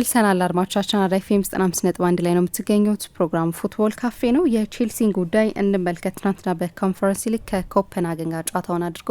ተመልሰናል አድማጮቻችን አራዳ ኤፍ ኤም ዘጠና አምስት ነጥብ አንድ ላይ ነው የምትገኙት። ፕሮግራሙ ፉትቦል ካፌ ነው። የቼልሲን ጉዳይ እንመልከት። ትናንትና በኮንፈረንስ ሊግ ከኮፐንሃገን ጋር ጨዋታውን አድርጎ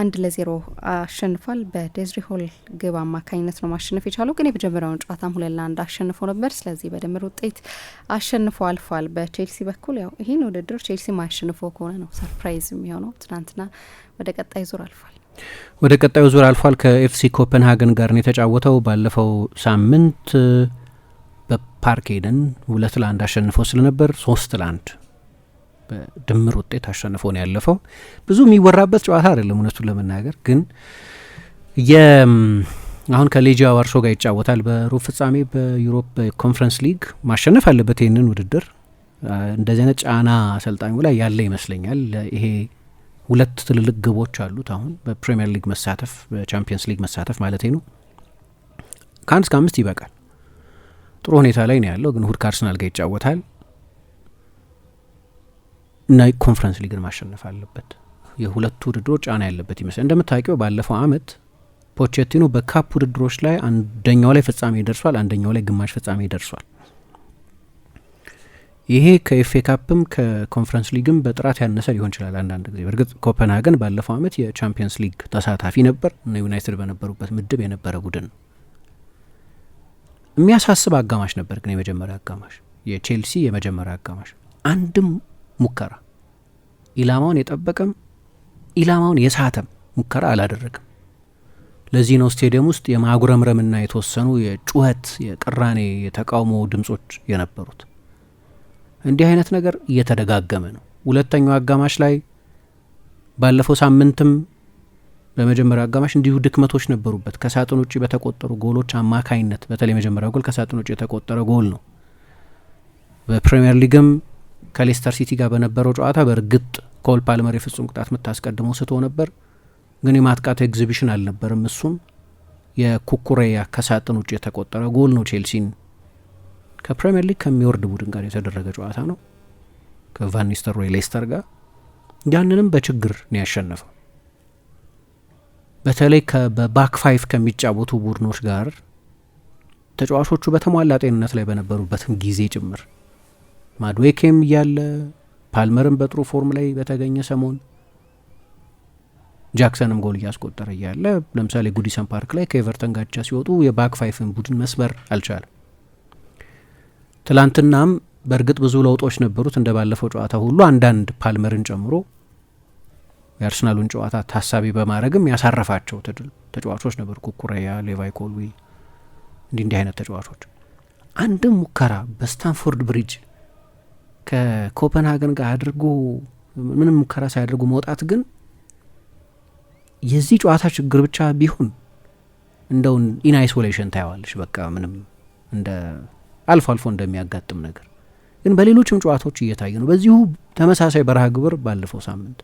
አንድ ለዜሮ አሸንፏል። በዴዝሪ ሆል ግብ አማካኝነት ነው ማሸነፍ የቻለው። ግን የመጀመሪያውን ጨዋታም ሁለት ለአንድ አሸንፎ ነበር። ስለዚህ በድምር ውጤት አሸንፎ አልፏል። በቼልሲ በኩል ያው ይህን ውድድር ቼልሲ ማያሸንፎ ከሆነ ነው ሰርፕራይዝ የሚሆነው። ትናንትና ወደ ቀጣይ ዙር አልፏል። ወደ ቀጣዩ ዙር አልፏል። ከኤፍሲ ኮፐንሃገን ጋር ነው የተጫወተው። ባለፈው ሳምንት በፓርክ ሄደን ሁለት ለአንድ አሸንፎ ስለነበር ሶስት ለአንድ በድምር ውጤት አሸንፎ ነው ያለፈው። ብዙ የሚወራበት ጨዋታ አይደለም እውነቱን ለመናገር ግን አሁን ከሌጂያ ዋርሶ ጋር ይጫወታል በሩብ ፍጻሜ በዩሮፕ ኮንፈረንስ ሊግ ማሸነፍ አለበት ይህንን ውድድር። እንደዚህ አይነት ጫና አሰልጣኙ ላይ ያለ ይመስለኛል ይሄ ሁለት ትልልቅ ግቦች አሉት። አሁን በፕሪምየር ሊግ መሳተፍ በቻምፒየንስ ሊግ መሳተፍ ማለት ነው። ከአንድ እስከ አምስት ይበቃል። ጥሩ ሁኔታ ላይ ነው ያለው፣ ግን እሁድ ከአርሰናል ጋር ይጫወታል እና ኮንፈረንስ ሊግን ማሸነፍ አለበት። የሁለቱ ውድድሮች ጫና ያለበት ይመስል እንደምታውቂው ባለፈው አመት ፖቼቲኖ በካፕ ውድድሮች ላይ አንደኛው ላይ ፍጻሜ ደርሷል፣ አንደኛው ላይ ግማሽ ፍጻሜ ደርሷል። ይሄ ከኤፌ ካፕም ከኮንፈረንስ ሊግም በጥራት ያነሰ ሊሆን ይችላል አንዳንድ ጊዜ። በእርግጥ ኮፐንሃገን ባለፈው ዓመት የቻምፒየንስ ሊግ ተሳታፊ ነበር እና ዩናይትድ በነበሩበት ምድብ የነበረ ቡድን ነው። የሚያሳስብ አጋማሽ ነበር ግን የመጀመሪያ አጋማሽ የቼልሲ የመጀመሪያ አጋማሽ አንድም ሙከራ ኢላማውን የጠበቀም ኢላማውን የሳተም ሙከራ አላደረግም። ለዚህ ነው ስቴዲየም ውስጥ የማጉረምረምና የተወሰኑ የጩኸት፣ የቅራኔ፣ የተቃውሞ ድምጾች የነበሩት። እንዲህ አይነት ነገር እየተደጋገመ ነው። ሁለተኛው አጋማሽ ላይ ባለፈው ሳምንትም በመጀመሪያው አጋማሽ እንዲሁ ድክመቶች ነበሩበት። ከሳጥን ውጭ በተቆጠሩ ጎሎች አማካይነት በተለይ መጀመሪያው ጎል ከሳጥን ውጭ የተቆጠረ ጎል ነው። በፕሪምየር ሊግም ከሌስተር ሲቲ ጋር በነበረው ጨዋታ በእርግጥ ኮል ፓልመር የፍጹም ቅጣት ምት ስቶ ነበር፣ ግን የማጥቃት ኤግዚቢሽን አልነበርም። እሱም የኩኩሬያ ከሳጥን ውጭ የተቆጠረ ጎል ነው ቼልሲን ከፕሪምየር ሊግ ከሚወርድ ቡድን ጋር የተደረገ ጨዋታ ነው ከቫኒስተሮይ ሌስተር ጋር ያንንም በችግር ነው ያሸነፈው። በተለይ በባክ ፋይፍ ከሚጫወቱ ቡድኖች ጋር ተጫዋቾቹ በተሟላ ጤንነት ላይ በነበሩበትም ጊዜ ጭምር ማድዌኬም እያለ ፓልመርም በጥሩ ፎርም ላይ በተገኘ ሰሞን ጃክሰንም ጎል እያስቆጠረ እያለ ለምሳሌ ጉዲሰን ፓርክ ላይ ከኤቨርተን ጋቻ ሲወጡ የባክ ፋይፍን ቡድን መስበር አልቻለም። ትላንትናም በእርግጥ ብዙ ለውጦች ነበሩት እንደ ባለፈው ጨዋታ ሁሉ አንዳንድ ፓልመርን ጨምሮ የአርሰናሉን ጨዋታ ታሳቢ በማድረግም ያሳረፋቸው ተጫዋቾች ነበሩ። ኩኩሬያ፣ ሌቫይ ኮልዊ እንዲህ እንዲህ አይነት ተጫዋቾች አንድም ሙከራ በስታንፎርድ ብሪጅ ከኮፐንሃገን ጋር አድርጎ ምንም ሙከራ ሳያደርጉ መውጣት ግን የዚህ ጨዋታ ችግር ብቻ ቢሆን እንደውን ኢን አይሶሌሽን ታየዋለች። በቃ ምንም እንደ አልፎ አልፎ እንደሚያጋጥም ነገር ግን በሌሎችም ጨዋታዎች እየታየ ነው። በዚሁ ተመሳሳይ በረሃ ግብር ባለፈው ሳምንት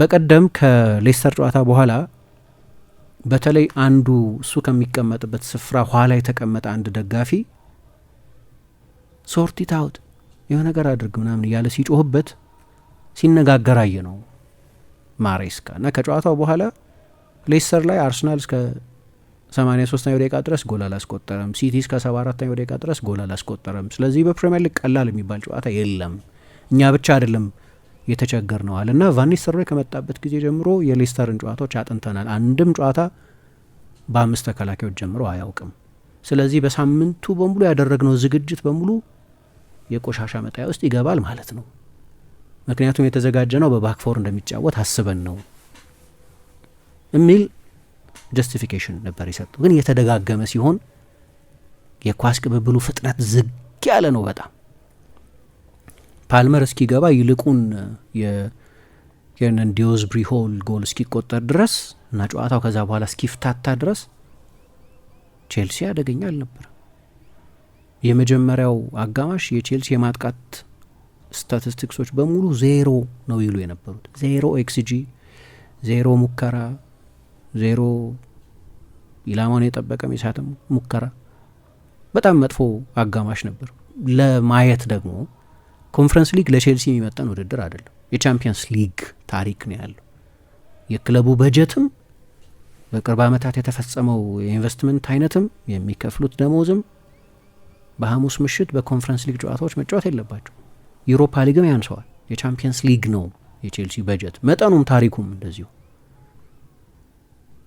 በቀደም ከሌስተር ጨዋታ በኋላ በተለይ አንዱ እሱ ከሚቀመጥበት ስፍራ ኋላ የተቀመጠ አንድ ደጋፊ ሶርቲ ኢት አውት የሆነ ነገር አድርግ ምናምን እያለ ሲጮህበት ሲነጋገር አየ ነው ማሬስካ እና ከጨዋታው በኋላ ሌስተር ላይ አርሰናል እስከ 83ኛው ደቂቃ ድረስ ጎል አላስቆጠረም። ሲቲ እስከ 74ኛው ደቂቃ ድረስ ጎል አላስቆጠረም። ስለዚህ በፕሪሚየር ሊግ ቀላል የሚባል ጨዋታ የለም። እኛ ብቻ አይደለም የተቸገር ነዋል እና ቫኒስተሮይ ከመጣበት ጊዜ ጀምሮ የሌስተርን ጨዋታዎች አጥንተናል። አንድም ጨዋታ በአምስት ተከላካዮች ጀምሮ አያውቅም። ስለዚህ በሳምንቱ በሙሉ ያደረግነው ዝግጅት በሙሉ የቆሻሻ መጣያ ውስጥ ይገባል ማለት ነው። ምክንያቱም የተዘጋጀ ነው በባክፎር እንደሚጫወት አስበን ነው የሚል ጀስቲፊኬሽን ነበር የሰጠው። ግን እየተደጋገመ ሲሆን የኳስ ቅብብሉ ፍጥነት ዝግ ያለ ነው በጣም ፓልመር እስኪገባ ይልቁን የንን ዲዮዝብሪ ጎል እስኪቆጠር ድረስ እና ጨዋታው ከዛ በኋላ እስኪፍታታ ድረስ ቼልሲ አደገኛ አልነበረ። የመጀመሪያው አጋማሽ የቼልሲ የማጥቃት ስታቲስቲክሶች በሙሉ ዜሮ ነው ይሉ የነበሩት ዜሮ ኤክስጂ፣ ዜሮ ሙከራ ዜሮ ኢላማውን የጠበቀ የሳትም ሙከራ በጣም መጥፎ አጋማሽ ነበር። ለማየት ደግሞ ኮንፈረንስ ሊግ ለቼልሲ የሚመጠን ውድድር አይደለም። የቻምፒየንስ ሊግ ታሪክ ነው ያለው። የክለቡ በጀትም በቅርብ ዓመታት የተፈጸመው የኢንቨስትመንት አይነትም የሚከፍሉት ደሞዝም በሐሙስ ምሽት በኮንፈረንስ ሊግ ጨዋታዎች መጫወት የለባቸው። ዩሮፓ ሊግም ያንሰዋል። የቻምፒየንስ ሊግ ነው የቼልሲ በጀት መጠኑም ታሪኩም እንደዚሁ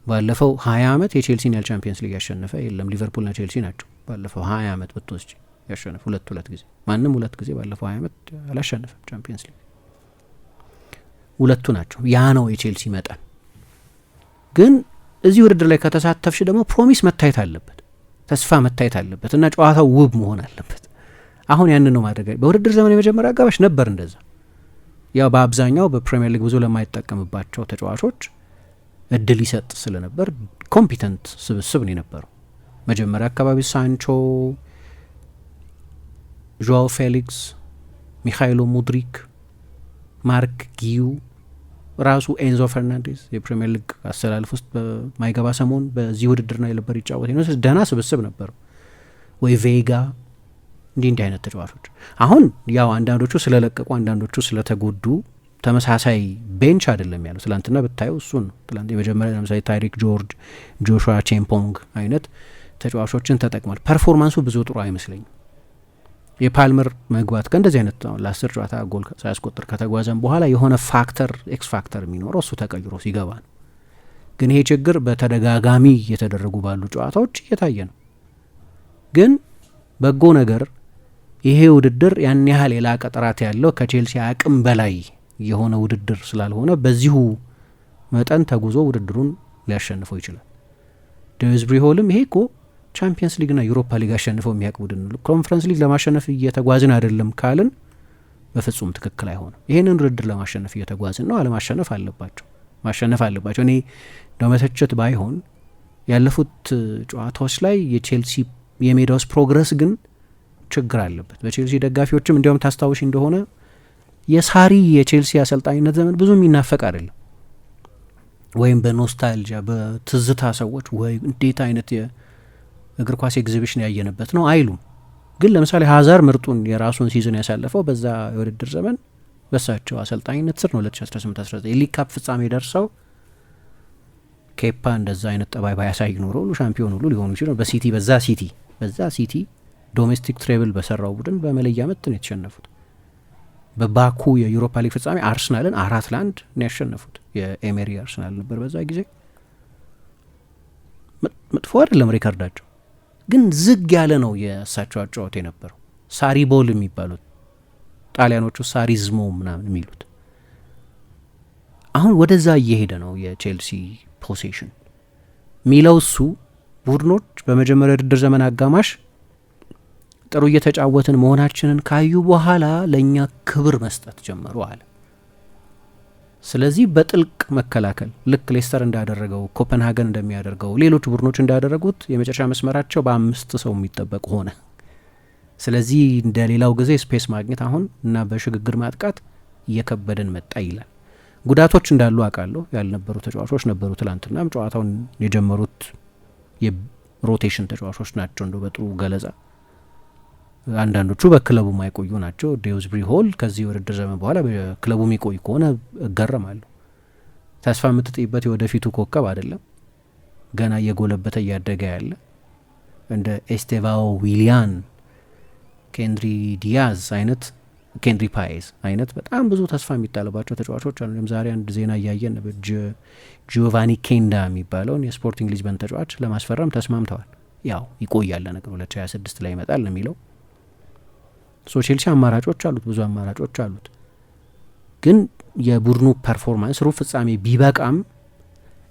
ባለፈው ሀያ ዓመት የቼልሲን ያህል ቻምፒየንስ ሊግ ያሸነፈ የለም። ሊቨርፑልና ቼልሲ ናቸው ባለፈው ሀያ ዓመት ብትወስጂ ያሸነፈ ሁለት ሁለት ጊዜ ማንም ሁለት ጊዜ ባለፈው ሀያ ዓመት አላሸነፈም ቻምፒየንስ ሊግ ሁለቱ ናቸው። ያ ነው የቼልሲ መጠን። ግን እዚህ ውድድር ላይ ከተሳተፍሽ ደግሞ ፕሮሚስ መታየት አለበት፣ ተስፋ መታየት አለበት እና ጨዋታው ውብ መሆን አለበት። አሁን ያንን ነው ማድረግ። በውድድር ዘመን የመጀመሪያ አጋባሽ ነበር እንደዛ ያው በአብዛኛው በፕሪምየር ሊግ ብዙ ለማይጠቀምባቸው ተጫዋቾች እድል ይሰጥ ስለነበር ኮምፒተንት ስብስብ ነው የነበረው። መጀመሪያ አካባቢ ሳንቾ፣ ዣዋ ፌሊክስ፣ ሚካይሎ ሙድሪክ፣ ማርክ ጊዩ፣ ራሱ ኤንዞ ፈርናንዴዝ የፕሪምየር ሊግ አሰላለፍ ውስጥ በማይገባ ሰሞን በዚህ ውድድር ላይ ነበር ይጫወት ነው። ደህና ስብስብ ነበረው። ወይ ቬጋ እንዲህ እንዲህ አይነት ተጫዋቾች አሁን ያው አንዳንዶቹ ስለለቀቁ አንዳንዶቹ ስለተጎዱ ተመሳሳይ ቤንች አይደለም ያለው። ትላንትና ብታየው እሱን ነው ትላንት የመጀመሪያ ለምሳሌ ታይሪክ ጆርጅ፣ ጆሹዋ ቼምፖንግ አይነት ተጫዋቾችን ተጠቅሟል። ፐርፎርማንሱ ብዙ ጥሩ አይመስለኝም። የፓልመር መግባት ከእንደዚህ አይነት ለአስር ጨዋታ ጎል ሳያስቆጥር ከተጓዘም በኋላ የሆነ ፋክተር ኤክስ ፋክተር የሚኖረው እሱ ተቀይሮ ሲገባ ነው። ግን ይሄ ችግር በተደጋጋሚ እየተደረጉ ባሉ ጨዋታዎች እየታየ ነው። ግን በጎ ነገር ይሄ ውድድር ያን ያህል የላቀ ጥራት ያለው ከቼልሲ አቅም በላይ የሆነ ውድድር ስላልሆነ በዚሁ መጠን ተጉዞ ውድድሩን ሊያሸንፈው ይችላል። ደዝብሪ ሆልም ይሄ እኮ ቻምፒየንስ ሊግና ዩሮፓ ሊግ አሸንፈው የሚያውቅ ቡድን ነው፣ ኮንፈረንስ ሊግ ለማሸነፍ እየተጓዝን አይደለም ካልን በፍጹም ትክክል አይሆንም። ይህንን ውድድር ለማሸነፍ እየተጓዝን ነው፣ አለማሸነፍ አለባቸው፣ ማሸነፍ አለባቸው። እኔ ደመተቸት ባይሆን ያለፉት ጨዋታዎች ላይ የቼልሲ የሜዳ ውስጥ ፕሮግረስ ግን ችግር አለበት። በቼልሲ ደጋፊዎችም እንዲያውም ታስታውሽ እንደሆነ የሳሪ የቼልሲ አሰልጣኝነት ዘመን ብዙ የሚናፈቅ አይደለም። ወይም በኖስታልጂያ በትዝታ ሰዎች ወይ እንዴት አይነት የእግር ኳስ ኤግዚቢሽን ያየንበት ነው አይሉም። ግን ለምሳሌ ሀዛር ምርጡን የራሱን ሲዝን ያሳለፈው በዛ የውድድር ዘመን በሳቸው አሰልጣኝነት ስር ነው 2018/19 ካፕ ፍጻሜ ደርሰው ኬፓ እንደዛ አይነት ጠባይ ባያሳይ ኖሮ ሁሉ ሻምፒዮን ሁሉ ሊሆኑ ይችላል። በሲቲ በዛ ሲቲ በዛ ሲቲ ዶሜስቲክ ትሬብል በሰራው ቡድን በመለያ ምት ነው የተሸነፉት። በባኩ የዩሮፓ ሊግ ፍጻሜ አርሰናልን አራት ለአንድ ነው ያሸነፉት። የኤሜሪ አርሰናል ነበር በዛ ጊዜ። መጥፎ አይደለም ሪከርዳቸው፣ ግን ዝግ ያለ ነው የእሳቸው አጫወት የነበረው። ሳሪ ቦል የሚባሉት ጣሊያኖቹ ሳሪዝሞ ምናምን የሚሉት አሁን ወደዛ እየሄደ ነው የቼልሲ ፖሴሽን ሚለው እሱ ቡድኖች በመጀመሪያ ውድድር ዘመን አጋማሽ ጥሩ እየተጫወትን መሆናችንን ካዩ በኋላ ለእኛ ክብር መስጠት ጀመሩ አለ። ስለዚህ በጥልቅ መከላከል ልክ ሌስተር እንዳደረገው፣ ኮፐንሃገን እንደሚያደርገው፣ ሌሎች ቡድኖች እንዳደረጉት የመጨረሻ መስመራቸው በአምስት ሰው የሚጠበቅ ሆነ። ስለዚህ እንደ ሌላው ጊዜ ስፔስ ማግኘት አሁን እና በሽግግር ማጥቃት እየከበደን መጣ ይላል። ጉዳቶች እንዳሉ አውቃለሁ። ያልነበሩ ተጫዋቾች ነበሩ። ትላንትናም ጨዋታውን የጀመሩት የሮቴሽን ተጫዋቾች ናቸው እንደ በጥሩ ገለጻ አንዳንዶቹ በክለቡ ማይቆዩ ናቸው። ዴውዝብሪ ሆል ከዚህ ውድድር ዘመን በኋላ በክለቡ የሚቆይ ከሆነ እገረማለሁ። ተስፋ የምትጥይበት የወደፊቱ ኮከብ አይደለም፣ ገና እየጎለበተ እያደገ ያለ እንደ ኤስቴቫኦ ዊሊያን፣ ኬንድሪ ዲያዝ አይነት ኬንድሪ ፓይዝ አይነት በጣም ብዙ ተስፋ የሚጣልባቸው ተጫዋቾች አሉ። ዛሬ አንድ ዜና እያየን ጂዮቫኒ ኬንዳ የሚባለውን የስፖርቲንግ ሊዝበን ተጫዋች ለማስፈረም ተስማምተዋል። ያው ይቆያለ ነገር 2026 ላይ ይመጣል የሚለው ሶ ቼልሲ አማራጮች አሉት፣ ብዙ አማራጮች አሉት። ግን የቡድኑ ፐርፎርማንስ ሩብ ፍጻሜ ቢበቃም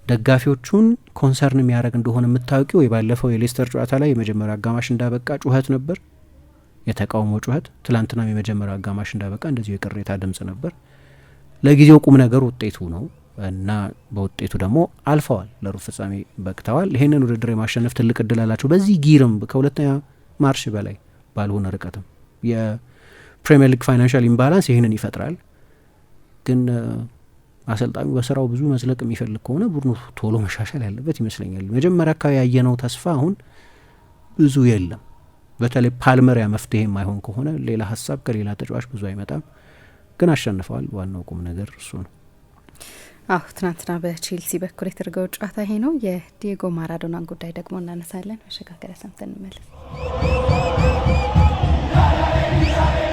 ደጋፊዎቹን ኮንሰርን የሚያደርግ እንደሆነ የምታውቂው ወይ ባለፈው የሌስተር ጨዋታ ላይ የመጀመሪያ አጋማሽ እንዳበቃ ጩኸት ነበር፣ የተቃውሞ ጩኸት። ትላንትናም የመጀመሪያ አጋማሽ እንዳበቃ እንደዚሁ የቅሬታ ድምጽ ነበር። ለጊዜው ቁም ነገር ውጤቱ ነው እና በውጤቱ ደግሞ አልፈዋል፣ ለሩብ ፍጻሜ በቅተዋል። ይሄንን ውድድር የማሸነፍ ትልቅ እድል አላቸው። በዚህ ጊርም ከሁለተኛ ማርሽ በላይ ባልሆነ ርቀትም የፕሪምየር ሊግ ፋይናንሻል ኢምባላንስ ይህንን ይፈጥራል። ግን አሰልጣኙ በስራው ብዙ መዝለቅ የሚፈልግ ከሆነ ቡድኑ ቶሎ መሻሻል ያለበት ይመስለኛል። መጀመሪያ አካባቢ ያየነው ተስፋ አሁን ብዙ የለም። በተለይ ፓልመሪያ መፍትሄ የማይሆን ከሆነ ሌላ ሀሳብ ከሌላ ተጫዋች ብዙ አይመጣም። ግን አሸንፈዋል። ዋናው ቁም ነገር እሱ ነው። አሁ ትናንትና በቼልሲ በኩል የተደረገው ጨዋታ ይሄ ነው። የዲየጎ ማራዶናን ጉዳይ ደግሞ እናነሳለን። መሸጋገሪያ ሰምተን እንመለስ። Christ.